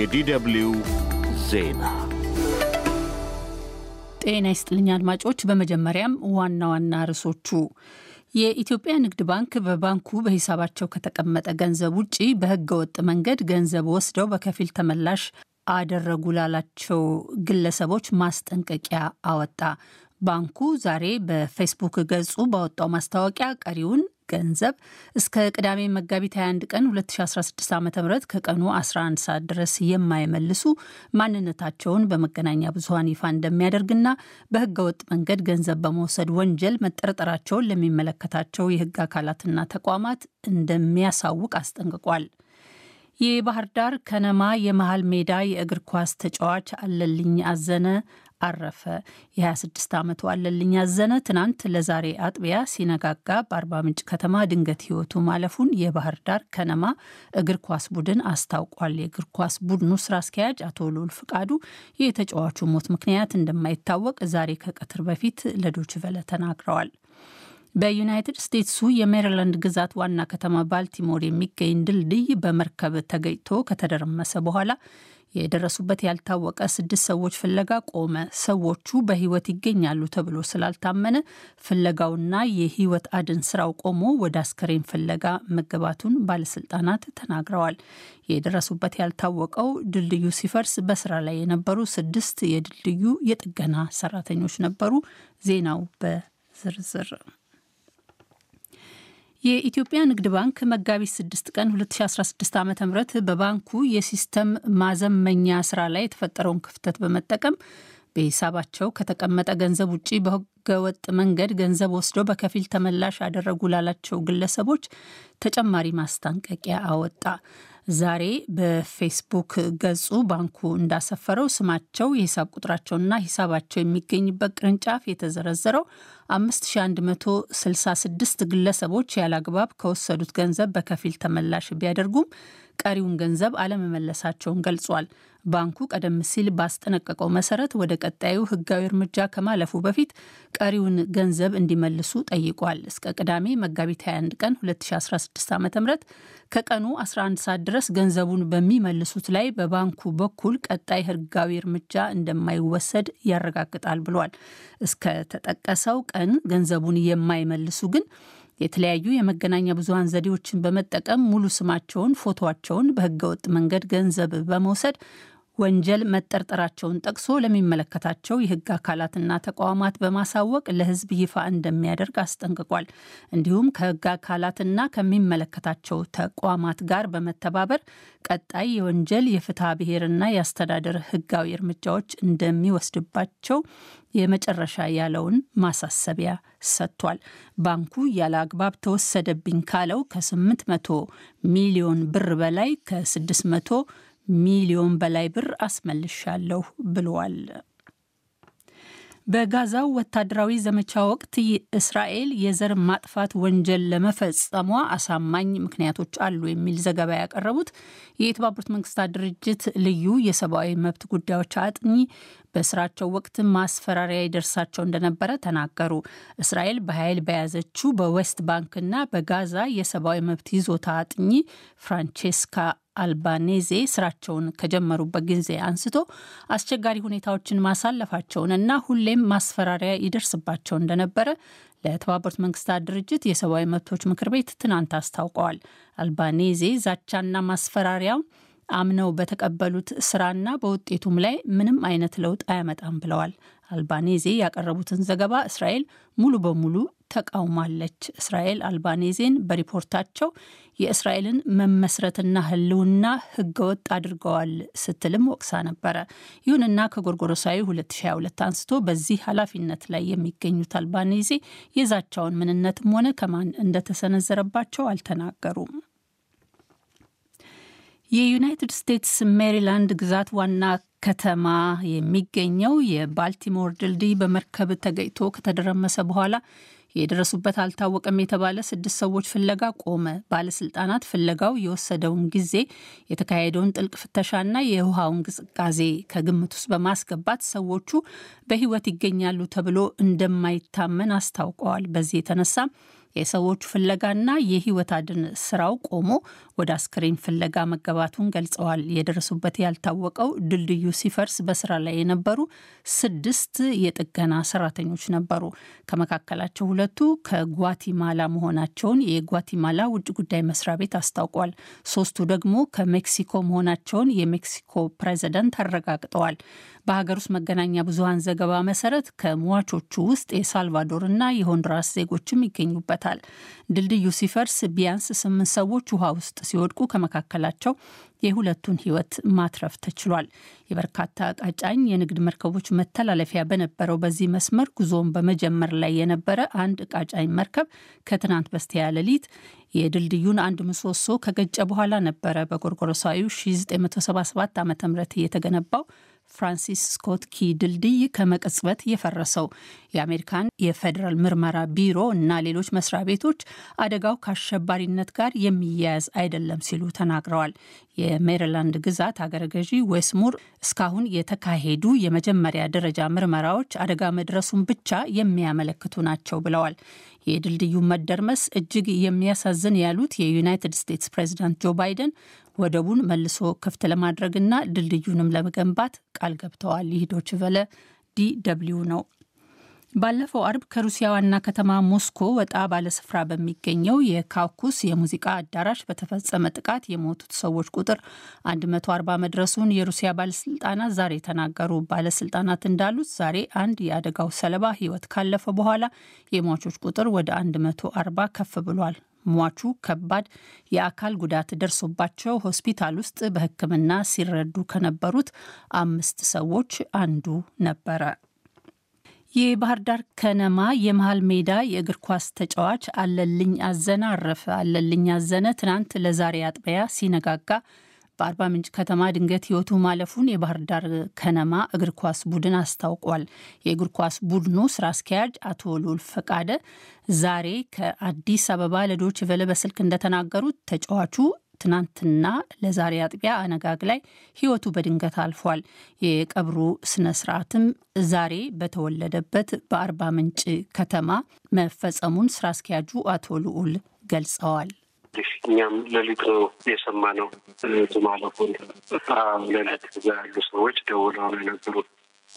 የዲደብሊው ዜና ጤና ይስጥልኛ አድማጮች። በመጀመሪያም ዋና ዋና ርዕሶቹ የኢትዮጵያ ንግድ ባንክ በባንኩ በሂሳባቸው ከተቀመጠ ገንዘብ ውጪ በህገወጥ ወጥ መንገድ ገንዘብ ወስደው በከፊል ተመላሽ አደረጉ ላላቸው ግለሰቦች ማስጠንቀቂያ አወጣ። ባንኩ ዛሬ በፌስቡክ ገጹ ባወጣው ማስታወቂያ ቀሪውን ገንዘብ እስከ ቅዳሜ መጋቢት 21 ቀን 2016 ዓ ም ከቀኑ 11 ሰዓት ድረስ የማይመልሱ ማንነታቸውን በመገናኛ ብዙሀን ይፋ እንደሚያደርግና በህገወጥ መንገድ ገንዘብ በመውሰድ ወንጀል መጠርጠራቸውን ለሚመለከታቸው የህግ አካላትና ተቋማት እንደሚያሳውቅ አስጠንቅቋል። የባህር ዳር ከነማ የመሃል ሜዳ የእግር ኳስ ተጫዋች አለልኝ አዘነ አረፈ። የ26 ዓመቱ አለልኝ አዘነ ትናንት ለዛሬ አጥቢያ ሲነጋጋ በአርባ ምንጭ ከተማ ድንገት ሕይወቱ ማለፉን የባህር ዳር ከነማ እግር ኳስ ቡድን አስታውቋል። የእግር ኳስ ቡድኑ ስራ አስኪያጅ አቶ ልዑል ፍቃዱ የተጫዋቹ ሞት ምክንያት እንደማይታወቅ ዛሬ ከቀትር በፊት ለዶችቨለ ተናግረዋል። በዩናይትድ ስቴትሱ የሜሪላንድ ግዛት ዋና ከተማ ባልቲሞር የሚገኝ ድልድይ በመርከብ ተገኝቶ ከተደረመሰ በኋላ የደረሱበት ያልታወቀ ስድስት ሰዎች ፍለጋ ቆመ። ሰዎቹ በሕይወት ይገኛሉ ተብሎ ስላልታመነ ፍለጋውና የሕይወት አድን ስራው ቆሞ ወደ አስከሬን ፍለጋ መገባቱን ባለስልጣናት ተናግረዋል። የደረሱበት ያልታወቀው ድልድዩ ሲፈርስ በስራ ላይ የነበሩ ስድስት የድልድዩ የጥገና ሰራተኞች ነበሩ። ዜናው በዝርዝር የኢትዮጵያ ንግድ ባንክ መጋቢት 6 ቀን 2016 ዓ ም በባንኩ የሲስተም ማዘመኛ ስራ ላይ የተፈጠረውን ክፍተት በመጠቀም በሂሳባቸው ከተቀመጠ ገንዘብ ውጭ በህገወጥ መንገድ ገንዘብ ወስደው በከፊል ተመላሽ ያደረጉ ላላቸው ግለሰቦች ተጨማሪ ማስጠንቀቂያ አወጣ። ዛሬ በፌስቡክ ገጹ ባንኩ እንዳሰፈረው ስማቸው የሂሳብ ቁጥራቸውና ሂሳባቸው የሚገኝበት ቅርንጫፍ የተዘረዘረው 5166 ግለሰቦች ያለ አግባብ ከወሰዱት ገንዘብ በከፊል ተመላሽ ቢያደርጉም ቀሪውን ገንዘብ አለመመለሳቸውን ገልጿል። ባንኩ ቀደም ሲል ባስጠነቀቀው መሰረት ወደ ቀጣዩ ሕጋዊ እርምጃ ከማለፉ በፊት ቀሪውን ገንዘብ እንዲመልሱ ጠይቋል። እስከ ቅዳሜ መጋቢት 21 ቀን 2016 ዓ ም ከቀኑ 11 ሰዓት ድረስ ገንዘቡን በሚመልሱት ላይ በባንኩ በኩል ቀጣይ ሕጋዊ እርምጃ እንደማይወሰድ ያረጋግጣል ብሏል። እስከ ተጠቀሰው ቀን ገንዘቡን የማይመልሱ ግን የተለያዩ የመገናኛ ብዙሀን ዘዴዎችን በመጠቀም ሙሉ ስማቸውን፣ ፎቶቸውን በህገወጥ መንገድ ገንዘብ በመውሰድ ወንጀል መጠርጠራቸውን ጠቅሶ ለሚመለከታቸው የህግ አካላትና ተቋማት በማሳወቅ ለህዝብ ይፋ እንደሚያደርግ አስጠንቅቋል። እንዲሁም ከህግ አካላትና ከሚመለከታቸው ተቋማት ጋር በመተባበር ቀጣይ የወንጀል የፍትሐ ብሔርና የአስተዳደር ህጋዊ እርምጃዎች እንደሚወስድባቸው የመጨረሻ ያለውን ማሳሰቢያ ሰጥቷል። ባንኩ ያለ አግባብ ተወሰደብኝ ካለው ከ800 ሚሊዮን ብር በላይ ከ600 ሚሊዮን በላይ ብር አስመልሻለሁ ብለዋል። በጋዛው ወታደራዊ ዘመቻ ወቅት እስራኤል የዘር ማጥፋት ወንጀል ለመፈጸሟ አሳማኝ ምክንያቶች አሉ የሚል ዘገባ ያቀረቡት የተባበሩት መንግስታት ድርጅት ልዩ የሰብአዊ መብት ጉዳዮች አጥኚ በስራቸው ወቅት ማስፈራሪያ ይደርሳቸው እንደነበረ ተናገሩ። እስራኤል በኃይል በያዘችው በዌስት ባንክና በጋዛ የሰብአዊ መብት ይዞታ አጥኚ ፍራንቼስካ አልባኔዜ ስራቸውን ከጀመሩበት ጊዜ አንስቶ አስቸጋሪ ሁኔታዎችን ማሳለፋቸውን እና ሁሌም ማስፈራሪያ ይደርስባቸው እንደነበረ ለተባበሩት መንግስታት ድርጅት የሰብአዊ መብቶች ምክር ቤት ትናንት አስታውቀዋል። አልባኔዜ ዛቻና ማስፈራሪያው አምነው በተቀበሉት ስራና በውጤቱም ላይ ምንም አይነት ለውጥ አያመጣም ብለዋል። አልባኔዜ ያቀረቡትን ዘገባ እስራኤል ሙሉ በሙሉ ተቃውማለች። እስራኤል አልባኔዜን በሪፖርታቸው የእስራኤልን መመስረትና ህልውና ህገወጥ አድርገዋል ስትልም ወቅሳ ነበረ። ይሁንና ከጎርጎሮሳዊ 2022 አንስቶ በዚህ ኃላፊነት ላይ የሚገኙት አልባኔዜ የዛቻውን ምንነትም ሆነ ከማን እንደተሰነዘረባቸው አልተናገሩም። የዩናይትድ ስቴትስ ሜሪላንድ ግዛት ዋና ከተማ የሚገኘው የባልቲሞር ድልድይ በመርከብ ተገኝቶ ከተደረመሰ በኋላ የደረሱበት አልታወቀም የተባለ ስድስት ሰዎች ፍለጋ ቆመ። ባለስልጣናት ፍለጋው የወሰደውን ጊዜ፣ የተካሄደውን ጥልቅ ፍተሻና የውሃውን ቅዝቃዜ ከግምት ውስጥ በማስገባት ሰዎቹ በሕይወት ይገኛሉ ተብሎ እንደማይታመን አስታውቀዋል። በዚህ የተነሳ የሰዎች ፍለጋና የህይወት አድን ስራው ቆሞ ወደ አስክሬን ፍለጋ መገባቱን ገልጸዋል። የደረሱበት ያልታወቀው ድልድዩ ሲፈርስ በስራ ላይ የነበሩ ስድስት የጥገና ሰራተኞች ነበሩ። ከመካከላቸው ሁለቱ ከጓቲማላ መሆናቸውን የጓቲማላ ውጭ ጉዳይ መስሪያ ቤት አስታውቋል። ሶስቱ ደግሞ ከሜክሲኮ መሆናቸውን የሜክሲኮ ፕሬዚደንት አረጋግጠዋል። በሀገር ውስጥ መገናኛ ብዙሀን ዘገባ መሰረት ከሟቾቹ ውስጥ የሳልቫዶርና የሆንዱራስ ዜጎችም ይገኙበታል። ድልድዩ ሲፈርስ ቢያንስ ስምንት ሰዎች ውሃ ውስጥ ሲወድቁ ከመካከላቸው የሁለቱን ህይወት ማትረፍ ተችሏል። የበርካታ ቃጫኝ የንግድ መርከቦች መተላለፊያ በነበረው በዚህ መስመር ጉዞውን በመጀመር ላይ የነበረ አንድ ቃጫኝ መርከብ ከትናንት በስቲያ ሌሊት የድልድዩን አንድ ምሰሶ ከገጨ በኋላ ነበረ በጎርጎሮሳዊው 1977 ዓ ም የተገነባው ፍራንሲስ ስኮት ኪ ድልድይ ከመቅጽበት የፈረሰው የአሜሪካን የፌዴራል ምርመራ ቢሮ እና ሌሎች መስሪያ ቤቶች አደጋው ከአሸባሪነት ጋር የሚያያዝ አይደለም ሲሉ ተናግረዋል። የሜሪላንድ ግዛት አገረ ገዢ ዌስሙር እስካሁን የተካሄዱ የመጀመሪያ ደረጃ ምርመራዎች አደጋ መድረሱን ብቻ የሚያመለክቱ ናቸው ብለዋል። የድልድዩ መደርመስ እጅግ የሚያሳዝን ያሉት የዩናይትድ ስቴትስ ፕሬዚዳንት ጆ ባይደን ወደቡን መልሶ ክፍት ለማድረግና ድልድዩንም ለመገንባት ቃል ገብተዋል። ይህ ዶችቨለ ዲ ደብልዩ ነው። ባለፈው አርብ ከሩሲያ ዋና ከተማ ሞስኮ ወጣ ባለስፍራ በሚገኘው የካውኩስ የሙዚቃ አዳራሽ በተፈጸመ ጥቃት የሞቱት ሰዎች ቁጥር 140 መድረሱን የሩሲያ ባለስልጣናት ዛሬ ተናገሩ። ባለስልጣናት እንዳሉት ዛሬ አንድ የአደጋው ሰለባ ሕይወት ካለፈ በኋላ የሟቾች ቁጥር ወደ 140 ከፍ ብሏል። ሟቹ ከባድ የአካል ጉዳት ደርሶባቸው ሆስፒታል ውስጥ በሕክምና ሲረዱ ከነበሩት አምስት ሰዎች አንዱ ነበረ። የባህር ዳር ከነማ የመሀል ሜዳ የእግር ኳስ ተጫዋች አለልኝ አዘነ አረፈ። አለልኝ አዘነ ትናንት ለዛሬ አጥቢያ ሲነጋጋ በአርባ ምንጭ ከተማ ድንገት ህይወቱ ማለፉን የባህር ዳር ከነማ እግር ኳስ ቡድን አስታውቋል። የእግር ኳስ ቡድኑ ስራ አስኪያጅ አቶ ሉል ፈቃደ ዛሬ ከአዲስ አበባ ለዶች ቨለ በስልክ እንደተናገሩት ተጫዋቹ ትናንትና ለዛሬ አጥቢያ አነጋግ ላይ ህይወቱ በድንገት አልፏል። የቀብሩ ስነ ስርዓትም ዛሬ በተወለደበት በአርባ ምንጭ ከተማ መፈጸሙን ስራ አስኪያጁ አቶ ልዑል ገልጸዋል። እኛም ሌሊት ነው የሰማነው ማለፉን ሌሊት ያሉ ሰዎች ደውለው ነው የነገሩት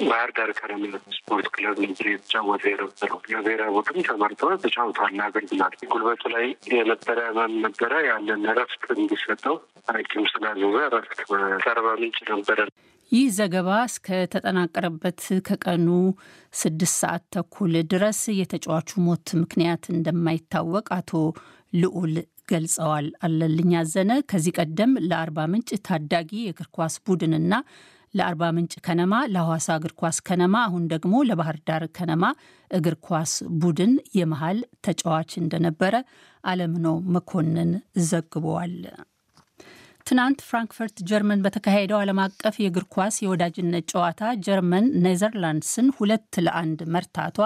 ባህር ዳር ከነማ ስፖርት ክለብ ነበር የተጫወተ የነበረው። የብሔራ ቡድን ተመርቶ ተጫውቷል። አገልግሏል። ጉልበቱ ላይ የነበረ ህመም ነበረ። ያንን እረፍት እንዲሰጠው ሐኪም ስላዘዘ እረፍት አርባ ምንጭ ነበረ። ይህ ዘገባ እስከተጠናቀረበት ከቀኑ ስድስት ሰዓት ተኩል ድረስ የተጫዋቹ ሞት ምክንያት እንደማይታወቅ አቶ ልዑል ገልጸዋል። አለልኝ አዘነ ከዚህ ቀደም ለአርባ ምንጭ ታዳጊ የእግር ኳስ ቡድንና ለአርባ ምንጭ ከነማ፣ ለሐዋሳ እግር ኳስ ከነማ፣ አሁን ደግሞ ለባህር ዳር ከነማ እግር ኳስ ቡድን የመሃል ተጫዋች እንደነበረ አለምነው መኮንን ዘግቧል። ትናንት ፍራንክፈርት ጀርመን በተካሄደው ዓለም አቀፍ የእግር ኳስ የወዳጅነት ጨዋታ ጀርመን ኔዘርላንድስን ሁለት ለአንድ መርታቷ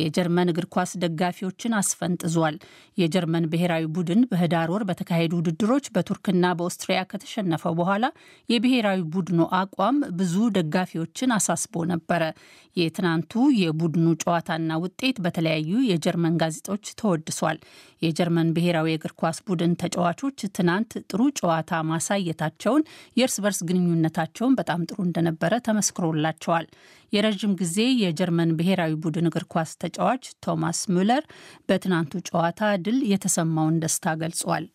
የጀርመን እግር ኳስ ደጋፊዎችን አስፈንጥዟል። የጀርመን ብሔራዊ ቡድን በህዳር ወር በተካሄዱ ውድድሮች በቱርክና በኦስትሪያ ከተሸነፈው በኋላ የብሔራዊ ቡድኑ አቋም ብዙ ደጋፊዎችን አሳስቦ ነበረ። የትናንቱ የቡድኑ ጨዋታና ውጤት በተለያዩ የጀርመን ጋዜጦች ተወድሷል። የጀርመን ብሔራዊ የእግር ኳስ ቡድን ተጫዋቾች ትናንት ጥሩ ጨዋታ ማሳየታቸውን፣ የእርስ በርስ ግንኙነታቸውን በጣም ጥሩ እንደነበረ ተመስክሮላቸዋል። የረዥም ጊዜ የጀርመን ብሔራዊ ቡድን እግር ኳስ ተጫዋች ቶማስ ሙለር በትናንቱ ጨዋታ ድል የተሰማውን ደስታ ገልጿል።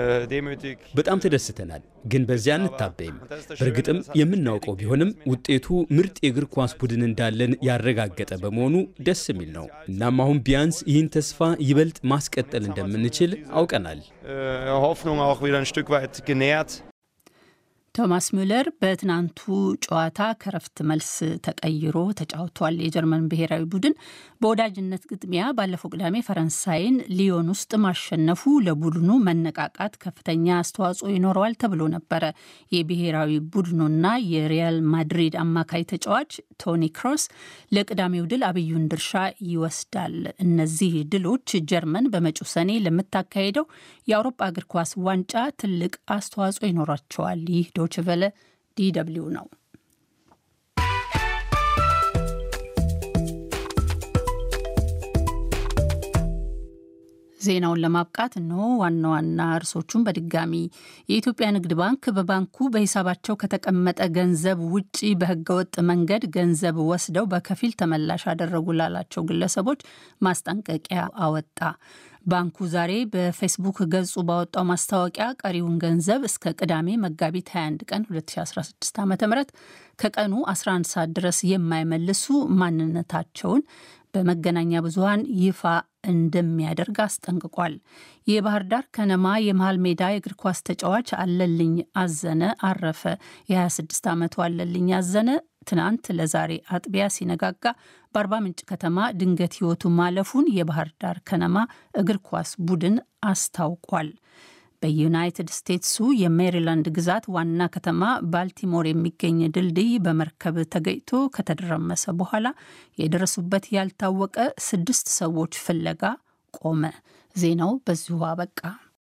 äh, በጣም ተደስተናል፣ ግን በዚያ አንታበይም። በእርግጥም የምናውቀው ቢሆንም ውጤቱ ምርጥ የእግር ኳስ ቡድን እንዳለን ያረጋገጠ በመሆኑ ደስ የሚል ነው። እናም አሁን ቢያንስ ይህን ተስፋ ይበልጥ ማስቀጠል እንደምንችል አውቀናል። äh, ቶማስ ሚለር በትናንቱ ጨዋታ ከረፍት መልስ ተቀይሮ ተጫውቷል። የጀርመን ብሔራዊ ቡድን በወዳጅነት ግጥሚያ ባለፈው ቅዳሜ ፈረንሳይን ሊዮን ውስጥ ማሸነፉ ለቡድኑ መነቃቃት ከፍተኛ አስተዋጽኦ ይኖረዋል ተብሎ ነበረ። የብሔራዊ ቡድኑና የሪያል ማድሪድ አማካይ ተጫዋች ቶኒ ክሮስ ለቅዳሜው ድል አብዩን ድርሻ ይወስዳል። እነዚህ ድሎች ጀርመን በመጪው ሰኔ ለምታካሄደው የአውሮፓ እግር ኳስ ዋንጫ ትልቅ አስተዋጽኦ ይኖራቸዋል። ይህ ዶችቨለ ዲ ደብልዩ ነው። ዜናውን ለማብቃት እነሆ ዋና ዋና እርሶቹን በድጋሚ የኢትዮጵያ ንግድ ባንክ በባንኩ በሂሳባቸው ከተቀመጠ ገንዘብ ውጪ በህገወጥ መንገድ ገንዘብ ወስደው በከፊል ተመላሽ አደረጉ ላላቸው ግለሰቦች ማስጠንቀቂያ አወጣ። ባንኩ ዛሬ በፌስቡክ ገጹ ባወጣው ማስታወቂያ ቀሪውን ገንዘብ እስከ ቅዳሜ መጋቢት 21 ቀን 2016 ዓ ም ከቀኑ 11 ሰዓት ድረስ የማይመልሱ ማንነታቸውን በመገናኛ ብዙሃን ይፋ እንደሚያደርግ አስጠንቅቋል። የባህር ዳር ከነማ የመሃል ሜዳ የእግር ኳስ ተጫዋች አለልኝ አዘነ አረፈ። የ26 ዓመቱ አለልኝ አዘነ ትናንት ለዛሬ አጥቢያ ሲነጋጋ በአርባ ምንጭ ከተማ ድንገት ሕይወቱ ማለፉን የባህር ዳር ከነማ እግር ኳስ ቡድን አስታውቋል። በዩናይትድ ስቴትሱ የሜሪላንድ ግዛት ዋና ከተማ ባልቲሞር የሚገኝ ድልድይ በመርከብ ተገጭቶ ከተደረመሰ በኋላ የደረሱበት ያልታወቀ ስድስት ሰዎች ፍለጋ ቆመ። ዜናው በዚሁ አበቃ።